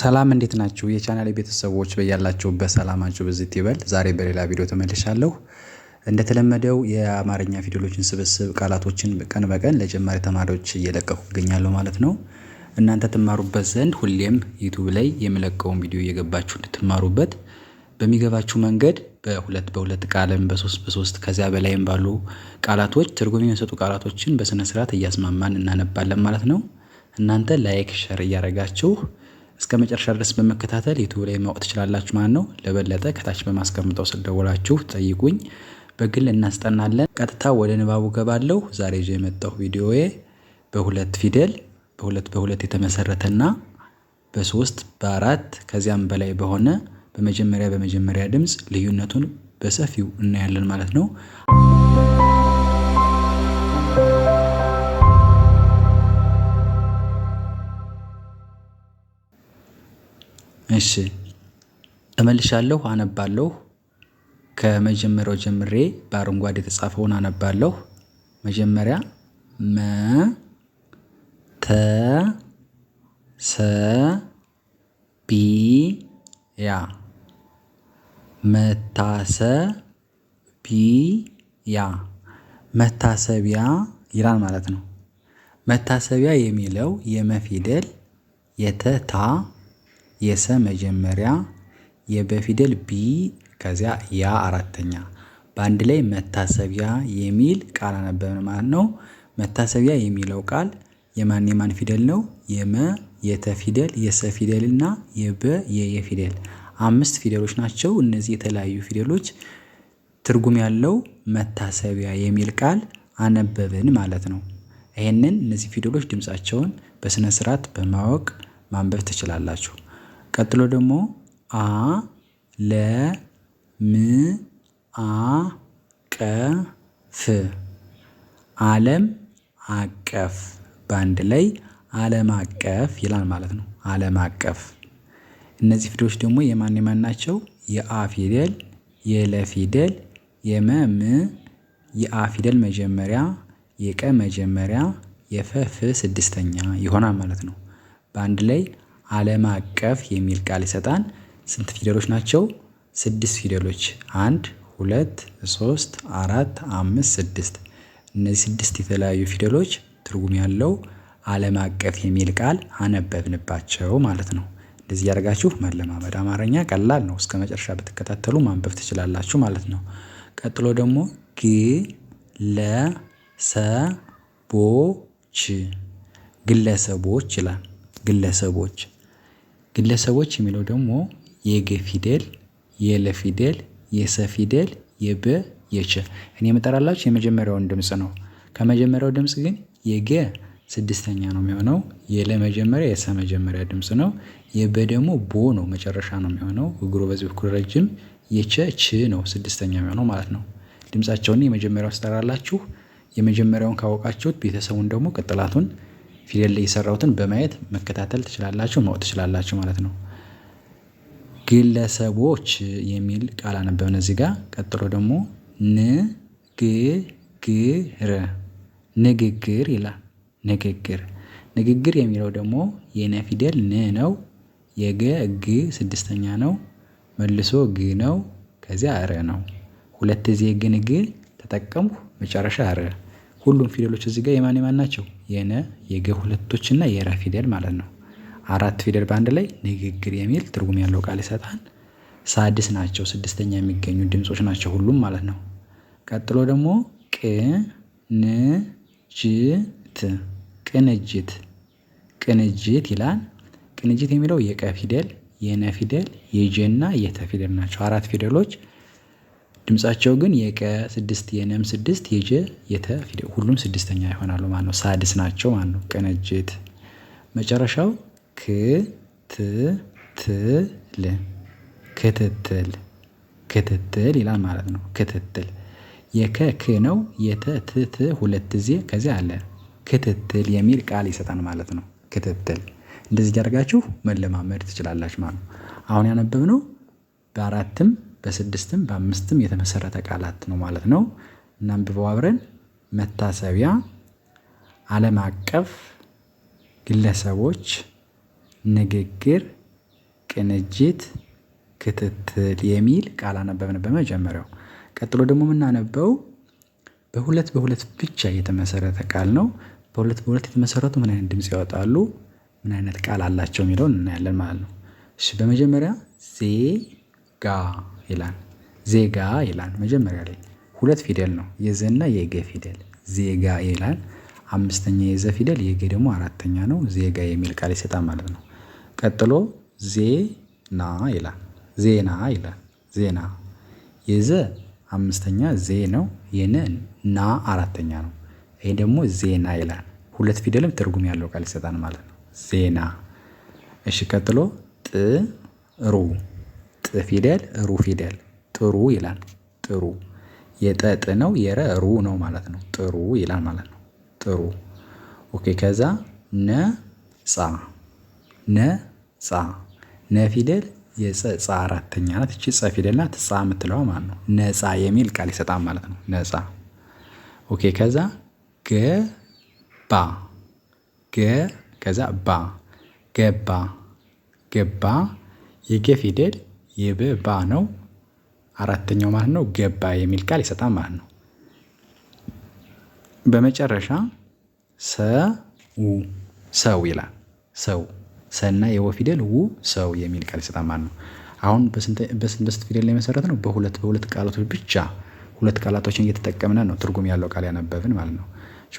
ሰላም እንዴት ናችሁ? የቻናል ቤተሰቦች በያላችሁበት ሰላማችሁ በዚህ ይበል። ዛሬ በሌላ ቪዲዮ ተመልሻለሁ። እንደተለመደው የአማርኛ ፊደሎችን ስብስብ ቃላቶችን ቀን በቀን ለጀማሪ ተማሪዎች እየለቀኩ እገኛለሁ ማለት ነው። እናንተ ትማሩበት ዘንድ ሁሌም ዩቱብ ላይ የምለቀውን ቪዲዮ እየገባችሁ እንድትማሩበት በሚገባችሁ መንገድ በሁለት በሁለት ቃልም በሶስት በሶስት ከዚያ በላይም ባሉ ቃላቶች ትርጉም የሚሰጡ ቃላቶችን በስነስርዓት እያስማማን እናነባለን ማለት ነው። እናንተ ላይክ ሸር እያደረጋችሁ እስከ መጨረሻ ድረስ በመከታተል ዩቱብ ላይ ማወቅ ትችላላችሁ ማለት ነው። ለበለጠ ከታች በማስቀምጠው ስልክ ደውላችሁ ጠይቁኝ። በግል እናስጠናለን። ቀጥታ ወደ ንባቡ ገባለሁ። ዛሬ ይዤ የመጣሁ ቪዲዮዬ በሁለት ፊደል በሁለት በሁለት የተመሰረተና በሶስት በአራት ከዚያም በላይ በሆነ በመጀመሪያ በመጀመሪያ ድምፅ ልዩነቱን በሰፊው እናያለን ማለት ነው። እሺ እመልሻለሁ አነባለሁ ከመጀመሪያው ጀምሬ በአረንጓዴ የተጻፈውን አነባለሁ መጀመሪያ መ ተ ሰ ቢ ያ መታሰቢያ መታሰቢያ ይላል ማለት ነው። መታሰቢያ የሚለው የመፊደል የተታ የሰ መጀመሪያ የበፊደል ቢ ከዚያ ያ አራተኛ በአንድ ላይ መታሰቢያ የሚል ቃል አነበብን ማለት ነው። መታሰቢያ የሚለው ቃል የማን የማን ፊደል ነው? የመ የተ ፊደል የሰ ፊደል እና የበ የየ ፊደል አምስት ፊደሎች ናቸው። እነዚህ የተለያዩ ፊደሎች ትርጉም ያለው መታሰቢያ የሚል ቃል አነበብን ማለት ነው። ይህንን እነዚህ ፊደሎች ድምፃቸውን በስነ ስርዓት በማወቅ ማንበብ ትችላላችሁ። ቀጥሎ ደግሞ አ ለ ም አ ቀ ፍ አለም አቀፍ በአንድ ላይ አለም አቀፍ ይላል ማለት ነው። አለም አቀፍ እነዚህ ፊደሎች ደግሞ የማን የማን ናቸው? የአ ፊደል የለ ፊደል የመም የአ ፊደል መጀመሪያ የቀ መጀመሪያ የፈፍ ስድስተኛ ይሆናል ማለት ነው። በአንድ ላይ አለም አቀፍ የሚል ቃል ይሰጣን ስንት ፊደሎች ናቸው? ስድስት ፊደሎች አንድ ሁለት ሶስት አራት አምስት ስድስት እነዚህ ስድስት የተለያዩ ፊደሎች ትርጉም ያለው አለም አቀፍ የሚል ቃል አነበብንባቸው ማለት ነው። እንደዚህ ያደርጋችሁ መለማመድ አማርኛ ቀላል ነው እስከመጨረሻ ብትከታተሉ ማንበብ ትችላላችሁ ማለት ነው። ቀጥሎ ደግሞ ግ ለ ሰ ቦ ች ግለሰቦች ይላል ግለሰቦች ግለሰቦች የሚለው ደግሞ የገ ፊደል የለ ፊደል የሰ ፊደል የበ የቸ እኔ የምጠራላችሁ የመጀመሪያውን ድምጽ ነው። ከመጀመሪያው ድምጽ ግን የገ ስድስተኛ ነው የሚሆነው የለ መጀመሪያ የሰ መጀመሪያ ድምጽ ነው። የበ ደግሞ ቦ ነው መጨረሻ ነው የሚሆነው እግሩ በዚህ በኩል ረጅም የቸ ች ነው ስድስተኛ የሚሆነው ማለት ነው። ድምፃቸውን የመጀመሪያው ስጠራላችሁ የመጀመሪያውን ካወቃችሁት ቤተሰቡን ደግሞ ቅጥላቱን ፊደል ላይ የሰራሁትን በማየት መከታተል ትችላላችሁ ማወቅ ትችላላችሁ ማለት ነው። ግለሰቦች የሚል ቃል አነበብን እዚህ ጋ። ቀጥሎ ደግሞ ንግግር ንግግር ይላል ንግግር ንግግር የሚለው ደግሞ የነ ፊደል ን ነው የገ ግ ስድስተኛ ነው መልሶ ግ ነው ከዚያ ረ ነው ሁለት ዜ ግን ግ ተጠቀምሁ መጨረሻ ረ ሁሉም ፊደሎች እዚህ ጋር የማን የማን ናቸው? የነ የገ ሁለቶች የረ ፊደል ማለት ነው። አራት ፊደል በአንድ ላይ ንግግር የሚል ትርጉም ያለው ቃል ይሰጣል። ሳድስ ናቸው ስድስተኛ የሚገኙ ድምጾች ናቸው ሁሉም ማለት ነው። ቀጥሎ ደግሞ ቅንጅት ቅንጅት ቅንጅት ይላል። ቅንጅት የሚለው የቀ ፊደል የነ ፊደል የጀና የተ ፊደል ናቸው አራት ፊደሎች ድምፃቸው ግን የቀ ስድስት የነም ስድስት የጀ የተ ፊደል ሁሉም ስድስተኛ ይሆናሉ ማለት ነው። ሳድስ ናቸው ማለት ነው። ቅንጅት መጨረሻው ክ ት ት ል ክትትል ክትትል ይላል ማለት ነው። ክትትል የከ ክ ነው። የተ ት ት ሁለት ዜ ከዚያ አለ ክትትል የሚል ቃል ይሰጣል ማለት ነው። ክትትል እንደዚህ ያደርጋችሁ መለማመድ ትችላላችሁ ማለት ነው። አሁን ያነበብነው በአራትም በስድስትም በአምስትም የተመሰረተ ቃላት ነው ማለት ነው። እናንብበው አብረን መታሰቢያ፣ ዓለም አቀፍ፣ ግለሰቦች፣ ንግግር፣ ቅንጅት፣ ክትትል የሚል ቃል አነበብን በመጀመሪያው። ቀጥሎ ደግሞ የምናነበው በሁለት በሁለት ብቻ የተመሰረተ ቃል ነው። በሁለት በሁለት የተመሰረቱ ምን አይነት ድምፅ ያወጣሉ፣ ምን አይነት ቃል አላቸው የሚለውን እናያለን ማለት ነው። እሺ በመጀመሪያ ዜጋ ይላል ዜጋ ይላል መጀመሪያ ላይ ሁለት ፊደል ነው የዘና የገ ፊደል ዜጋ ይላል። አምስተኛ የዘ ፊደል የገ ደግሞ አራተኛ ነው ዜጋ የሚል ቃል ይሰጣል ማለት ነው። ቀጥሎ ዜና ይላል ዜና ይላል ዜና የዘ አምስተኛ ዜ ነው የነ ና አራተኛ ነው ይሄ ደግሞ ዜና ይላል። ሁለት ፊደልም ትርጉም ያለው ቃል ይሰጣል ማለት ነው ዜና። እሺ ቀጥሎ ጥሩ ጥ ፊደል ሩ ፊደል ጥሩ ይላል ጥሩ የጠጥ ነው የረ ሩ ነው ማለት ነው። ጥሩ ይላል ማለት ነው። ጥሩ ኦኬ። ከዛ ነ ጻ ነ ጻ ነ ፊደል ጻ አራተኛ ናት። እቺ ጸ ፊደል ናት። ጻ የምትለዋ ማለት ነው። ነጻ የሚል ቃል ይሰጣል ማለት ነው። ነጻ ኦኬ። ከዛ ገባ ገ ከዛ ባ ገባ ገባ የገ ፊደል የበባ ነው አራተኛው ማለት ነው ገባ የሚል ቃል ይሰጣል ማለት ነው። በመጨረሻ ሰው ሰው ይላል ሰው ሰና የወ ፊደል ው ሰው የሚል ቃል ይሰጣል ማለት ነው። አሁን በስንት ፊደል ላይ መሰረት ነው? በሁለት በሁለት ቃላቶች ብቻ ሁለት ቃላቶችን እየተጠቀምን ነው ትርጉም ያለው ቃል ያነበብን ማለት ነው።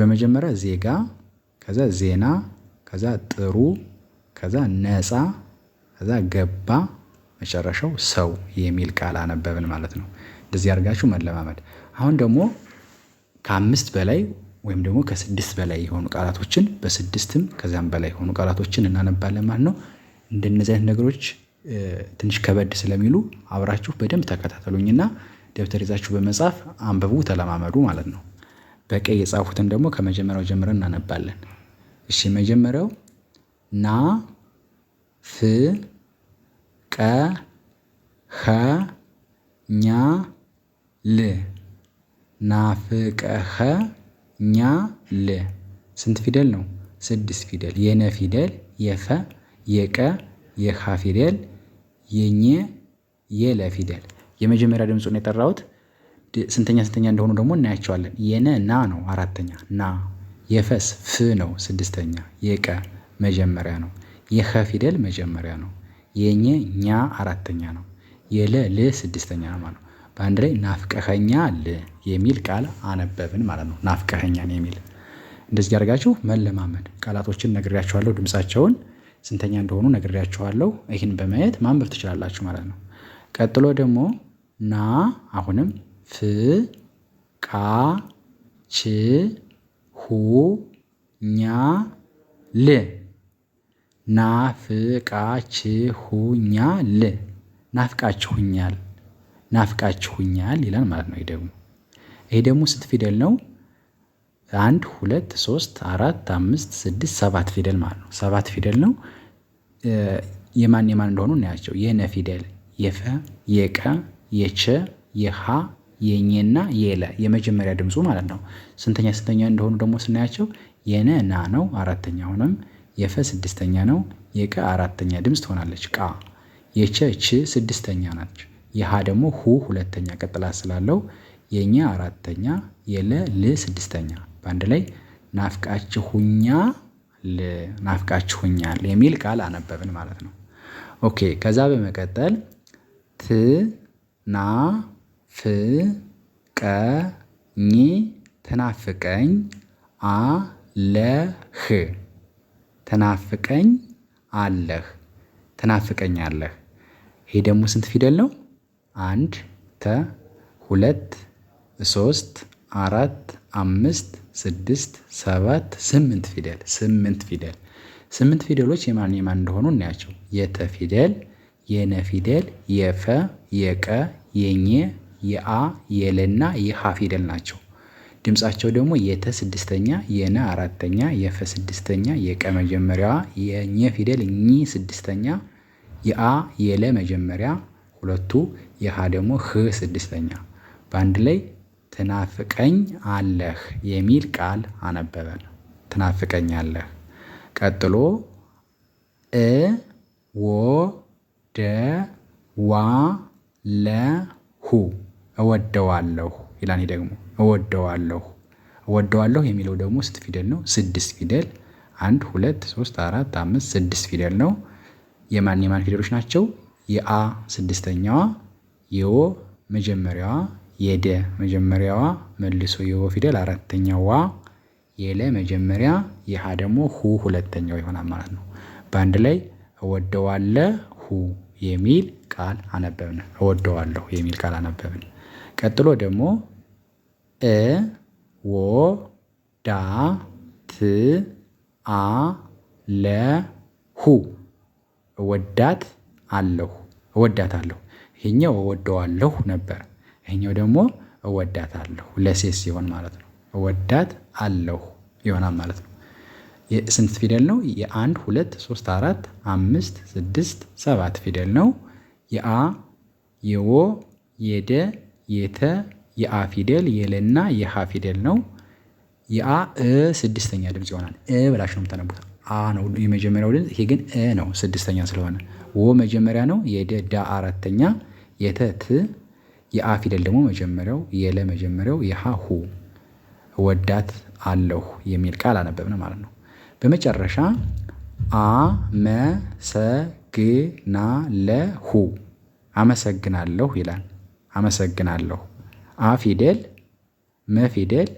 በመጀመሪያ ዜጋ ከዛ ዜና ከዛ ጥሩ ከዛ ነፃ ከዛ ገባ መጨረሻው ሰው የሚል ቃል አነበብን ማለት ነው። እንደዚህ አድርጋችሁ መለማመድ። አሁን ደግሞ ከአምስት በላይ ወይም ደግሞ ከስድስት በላይ የሆኑ ቃላቶችን በስድስትም ከዚያም በላይ የሆኑ ቃላቶችን እናነባለን ማለት ነው። እንደነዚህ አይነት ነገሮች ትንሽ ከበድ ስለሚሉ አብራችሁ በደንብ ተከታተሉኝና ደብተር ይዛችሁ በመጻፍ አንብቡ፣ ተለማመዱ ማለት ነው። በቀይ የጻፉትን ደግሞ ከመጀመሪያው ጀምረን እናነባለን። እሺ፣ መጀመሪያው ና ፍ ቀ ኸ ኛ ል ናፍቀኸ ኛ ል ስንት ፊደል ነው? ስድስት ፊደል የነ ፊደል የፈ የቀ የኻ ፊደል የኘ የለ ፊደል የመጀመሪያ ድምፁን የጠራሁት ስንተኛ ስንተኛ እንደሆኑ ደግሞ እናያቸዋለን። የነ ና ነው አራተኛ ና የፈስ ፍ ነው ስድስተኛ የቀ መጀመሪያ ነው የኸ ፊደል መጀመሪያ ነው የኘ ኛ አራተኛ ነው። የለ ልህ ስድስተኛ ነው ማለት ነው። በአንድ ላይ ል የሚል ቃል አነበብን ማለት ነው። ናፍቀኸኛል የሚል እንደዚህ አድርጋችሁ መለማመድ ቃላቶችን ነግሬያችኋለሁ ድምፃቸውን ስንተኛ እንደሆኑ ነግሬያችኋለሁ ይህን በማየት ማንበብ ትችላላችሁ ማለት ነው። ቀጥሎ ደግሞ ና አሁንም ፍ ቃ ች ሁ ኛ ል ናፍቃችሁኛል ናፍቃችሁኛል ናፍቃችሁኛል ይላል ማለት ነው። ይሄ ደግሞ ይሄ ደግሞ ስት ፊደል ነው? አንድ ሁለት ሶስት አራት አምስት ስድስት ሰባት ፊደል ማለት ነው ሰባት ፊደል ነው። የማን የማን እንደሆኑ እናያቸው የነ ፊደል የፈ የቀ የቸ የሀ የኘና የለ የመጀመሪያ ድምፁ ማለት ነው። ስንተኛ ስንተኛ እንደሆኑ ደግሞ ስናያቸው የነ ና ነው ሆነም የፈ ስድስተኛ ነው። የቀ አራተኛ ድምፅ ትሆናለች ቃ። የቸ ች ስድስተኛ ናች። የሀ ደግሞ ሁ ሁለተኛ ቀጥላ ስላለው የኛ አራተኛ የለ ል ስድስተኛ በአንድ ላይ ናፍቃችሁኛ ል ናፍቃችሁኛል የሚል ቃል አነበብን ማለት ነው። ኦኬ ከዛ በመቀጠል ት ና ፍ ቀ ኝ ትናፍቀኝ ህ ትናፍቀኝ አለህ አለህ። ይሄ ደግሞ ስንት ፊደል ነው? አንድ ተ ሁለት ሶስት አራት አምስት ስድስት ሰባት ስምንት ፊደል ስምንት ፊደል ስምንት ፊደሎች የማን የማን እንደሆኑ እናያቸው የተ ፊደል የነ ፊደል የፈ የቀ የኘ የአ የለና የሀ ፊደል ናቸው ድምፃቸው ደግሞ የተ ስድስተኛ የነ አራተኛ የፈ ስድስተኛ የቀ መጀመሪያዋ የኘ ፊደል ኚ ስድስተኛ የአ የለ መጀመሪያ ሁለቱ የሃ ደግሞ ህ ስድስተኛ በአንድ ላይ ትናፍቀኝ አለህ የሚል ቃል አነበበን። ትናፍቀኝ አለህ። ቀጥሎ እ ወ ደ ዋ ለ ሁ እወደዋለሁ ይላኔ ደግሞ እወደዋለሁ እወደዋለሁ የሚለው ደግሞ ስት ፊደል ነው ስድስት ፊደል አንድ ሁለት ሶስት አራት አምስት ስድስት ፊደል ነው። የማን የማን ፊደሎች ናቸው? የአ ስድስተኛዋ የወ መጀመሪያዋ የደ መጀመሪያዋ መልሶ የወ ፊደል አራተኛዋ የለ መጀመሪያ የሀ ደግሞ ሁ ሁለተኛው ይሆናል ማለት ነው። በአንድ ላይ እወደዋለሁ የሚል ቃል አነበብን እወደዋለሁ የሚል ቃል አነበብን። ቀጥሎ ደግሞ እ ወ ዳ ት አ ለ ሁ እወዳት አለሁ እወዳታለሁ ይሄኛው እወደዋለሁ ነበር ይሄኛው ደግሞ እወዳታለሁ ለሴት ሲሆን ማለት ነው እወዳት አለሁ ይሆናል ማለት ነው። የስንት ፊደል ነው? የአንድ ሁለት ሶስት አራት አምስት ስድስት ሰባት ፊደል ነው። የአ የወ የደ የተ የአ ፊደል የለና የሃ ፊደል ነው። የአ እ ስድስተኛ ድምፅ ይሆናል። እ ብላችሁ ነው የምታነቡት። አ ነው የመጀመሪያው ድምፅ። ይሄ ግን እ ነው ስድስተኛ ስለሆነ ወ መጀመሪያ ነው። የደ ዳ አራተኛ፣ የተ ት፣ የአ ፊደል ደግሞ መጀመሪያው፣ የለ መጀመሪያው፣ የሃ ሁ። ወዳት አለሁ የሚል ቃል አነበብን ማለት ነው። በመጨረሻ አመሰግናለሁ አመሰግናለሁ ይላል። አመሰግናለሁ አ ፊደል፣ መ ፊደል፣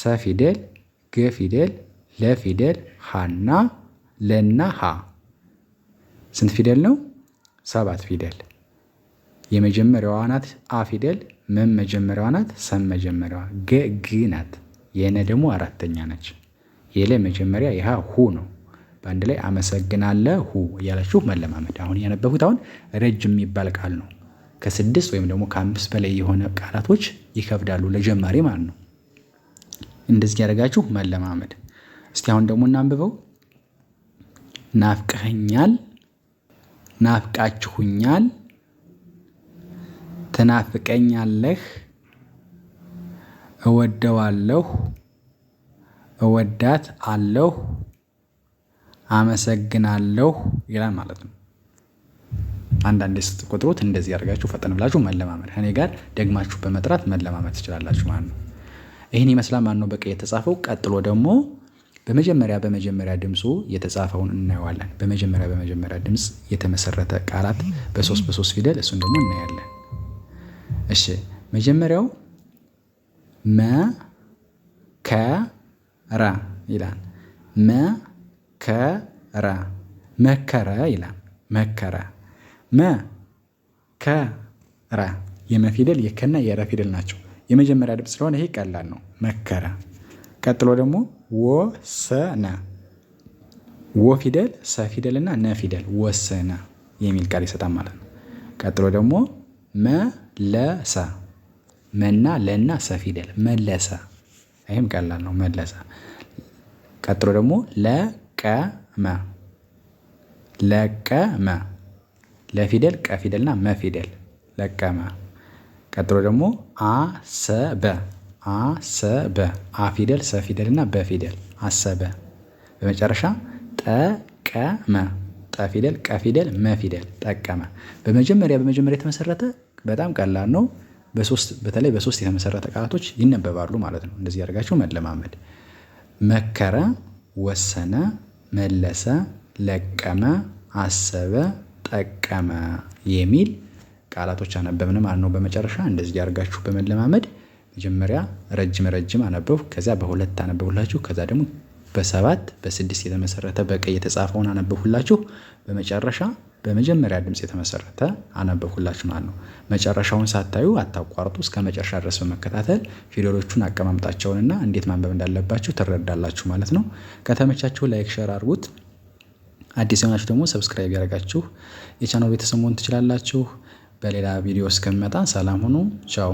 ሰ ፊደል፣ ገ ፊደል፣ ለ ፊደል፣ ሀና ለና ሀ ስንት ፊደል ነው? ሰባት ፊደል። የመጀመሪያዋ ናት አ ፊደል፣ መም መጀመሪያዋ ናት፣ ሰም መጀመሪያዋ፣ ገ ግ ናት፣ የነ ደግሞ አራተኛ ነች። የለ መጀመሪያ ይህ ሁ ነው። በአንድ ላይ አመሰግናለሁ እያላችሁ መለማመድ። አሁን ያነበብኩት አሁን ረጅም የሚባል ቃል ነው። ከስድስት ወይም ደግሞ ከአምስት በላይ የሆነ ቃላቶች ይከብዳሉ ለጀማሪ ማለት ነው። እንደዚህ ያደርጋችሁ መለማመድ። እስቲ አሁን ደግሞ እናንብበው። ናፍቀኸኛል፣ ናፍቃችሁኛል፣ ትናፍቀኛለህ፣ እወደዋለሁ፣ እወዳት አለሁ፣ አመሰግናለሁ ይላል ማለት ነው። አንዳንዴ ስትቆጥሩት እንደዚህ አድርጋችሁ ፈጠን ብላችሁ መለማመድ እኔ ጋር ደግማችሁ በመጥራት መለማመድ ትችላላችሁ ማለት ነው። ይህን ይመስላል ነው በቀ የተጻፈው። ቀጥሎ ደግሞ በመጀመሪያ በመጀመሪያ ድምፁ የተጻፈውን እናየዋለን። በመጀመሪያ በመጀመሪያ ድምፅ የተመሰረተ ቃላት በሶስት በሶስት ፊደል እሱን ደግሞ እናያለን። እሺ መጀመሪያው መከራ ይላል። መከራ መከረ ይላል መከረ መ ከ ረ የመ የከና የረ ፊደል ናቸው። የመጀመሪያ ድምፅ ስለሆነ ይሄ ቀላል ነው። መከረ። ቀጥሎ ደግሞ ወሰነ ወ ፊደል ሰ ፊደል እና ነ ፊደል ወሰነ የሚል ቃል ይሰጣል ማለት ነው። ቀጥሎ ደግሞ መለሰ መና ለና ሰ ፊደል መለሰ። ይህም ቀላል ነው። መለሰ። ቀጥሎ ደግሞ ለቀመ ለቀመ ለፊደል ቀ ፊደልና መፊደል ለቀመ። ቀጥሎ ደግሞ አሰበ አሰበ አ ፊደል ሰ ፊደልና በፊደል አሰበ። በመጨረሻ ጠቀመ ጠ ፊደል ቀ ፊደል መፊደል ጠቀመ። በመጀመሪያ በመጀመሪያ የተመሰረተ በጣም ቀላል ነው። በሶስት በተለይ በሶስት የተመሰረተ ቃላቶች ይነበባሉ ማለት ነው። እንደዚህ አድርጋችሁ መለማመድ። መከረ፣ ወሰነ፣ መለሰ፣ ለቀመ፣ አሰበ ተጠቀመ የሚል ቃላቶች አነበብን ማለት ነው። በመጨረሻ እንደዚህ ያርጋችሁ በመለማመድ መጀመሪያ ረጅም ረጅም አነበብ፣ ከዚያ በሁለት አነበብላችሁ፣ ከዛ ደግሞ በሰባት በስድስት የተመሰረተ በቀይ የተጻፈውን አነበብሁላችሁ፣ በመጨረሻ በመጀመሪያ ድምፅ የተመሰረተ አነበብሁላችሁ ማለት ነው። መጨረሻውን ሳታዩ አታቋርጡ። እስከ መጨረሻ ድረስ በመከታተል ፊደሎቹን አቀማምጣቸውንና እንዴት ማንበብ እንዳለባችሁ ትረዳላችሁ ማለት ነው። ከተመቻችሁ ላይክ ሸር አድርጉት። አዲስ የሆናችሁ ደግሞ ሰብስክራይብ ያደረጋችሁ የቻናል ቤተሰብ መሆን ትችላላችሁ። በሌላ ቪዲዮ እስከሚመጣ ሰላም ሁኑ። ቻው